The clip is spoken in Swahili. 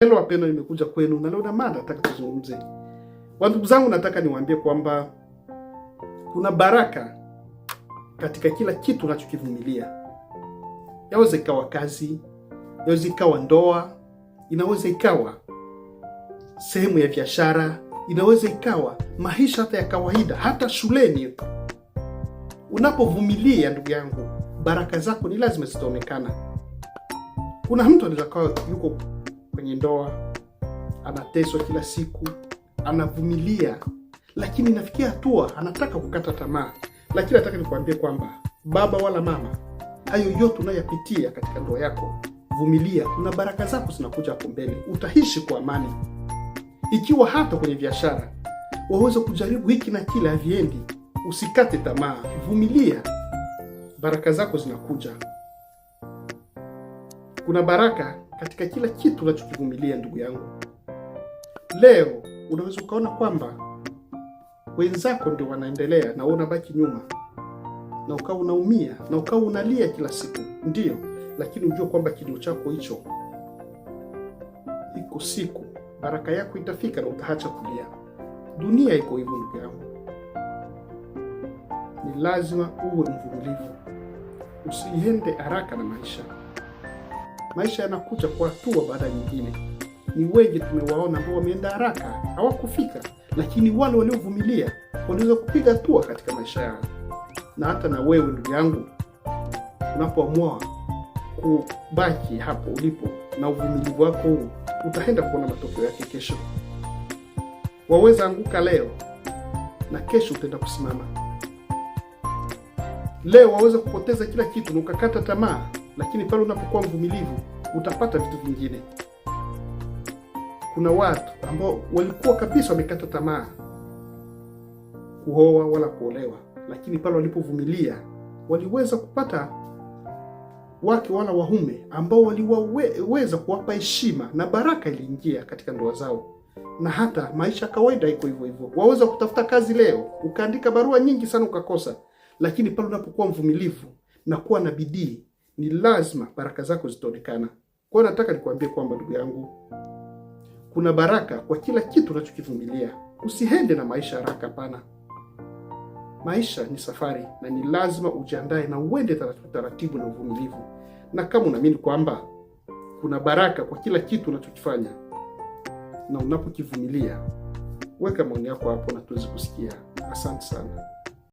Neno wapendwa, nimekuja kwenu na leo na mada nataka tuzungumze. Ndugu zangu, nataka niwaambie kwamba kuna baraka katika kila kitu unachokivumilia. Yaweza ikawa kazi, yaweza ikawa ndoa, inaweza ikawa sehemu ya biashara, inaweza ikawa maisha hata ya kawaida, hata shuleni. Unapovumilia ndugu yangu, baraka zako ni lazima zitaonekana. Kuna mtu anaweza kawa yuko kwenye ndoa, anateswa kila siku, anavumilia, lakini nafikia hatua anataka kukata tamaa. Lakini nataka nikuambie kwamba baba wala mama, hayo yote unayapitia katika ndoa yako, vumilia, kuna baraka zako zinakuja hapo mbele, utaishi kwa amani. Ikiwa hata kwenye biashara waweza kujaribu hiki na kile, haviendi, usikate tamaa, vumilia, baraka zako zinakuja. Kuna baraka katika kila kitu unachokivumilia ndugu yangu. Leo unaweza ukaona kwamba wenzako ndio wanaendelea na wewe unabaki nyuma, na ukawa unaumia na ukawa unalia kila siku, ndiyo, lakini ujue kwamba kilio chako hicho, iko siku baraka yako itafika na utaacha kulia. Dunia iko hivyo ndugu yangu, ni lazima uwe mvumilivu, usiende haraka na maisha maisha yanakuja kwa hatua baada nyingine. Ni wengi tumewaona ambao wameenda haraka, hawakufika, lakini wale waliovumilia waliweza kupiga hatua katika maisha yao. Na hata na wewe ndugu yangu, unapoamua kubaki hapo ulipo na uvumilivu wako huu, utaenda kuona matokeo yake kesho. Waweza anguka leo na kesho utaenda kusimama. Leo waweza kupoteza kila kitu na ukakata tamaa lakini pale unapokuwa mvumilivu utapata vitu vingine. Kuna watu ambao walikuwa kabisa wamekata tamaa kuoa wala kuolewa, lakini pale walipovumilia waliweza kupata wake wala waume ambao waliweza kuwapa heshima na baraka iliingia katika ndoa zao. Na hata maisha ya kawaida iko hivyo hivyo. Waweza kutafuta kazi leo, ukaandika barua nyingi sana ukakosa, lakini pale unapokuwa mvumilivu na kuwa na bidii ni lazima baraka zako zitaonekana. Kwa hiyo nataka nikuambie kwamba ndugu yangu, kuna baraka kwa kila kitu unachokivumilia. Usiende na maisha haraka, hapana. Maisha ni safari na ni lazima ujiandae na uende taratibu taratibu na uvumilivu. Na kama unaamini kwamba kuna baraka kwa kila kitu unachokifanya na unapokivumilia, weka maoni yako hapo na tuweze kusikia. Asante sana.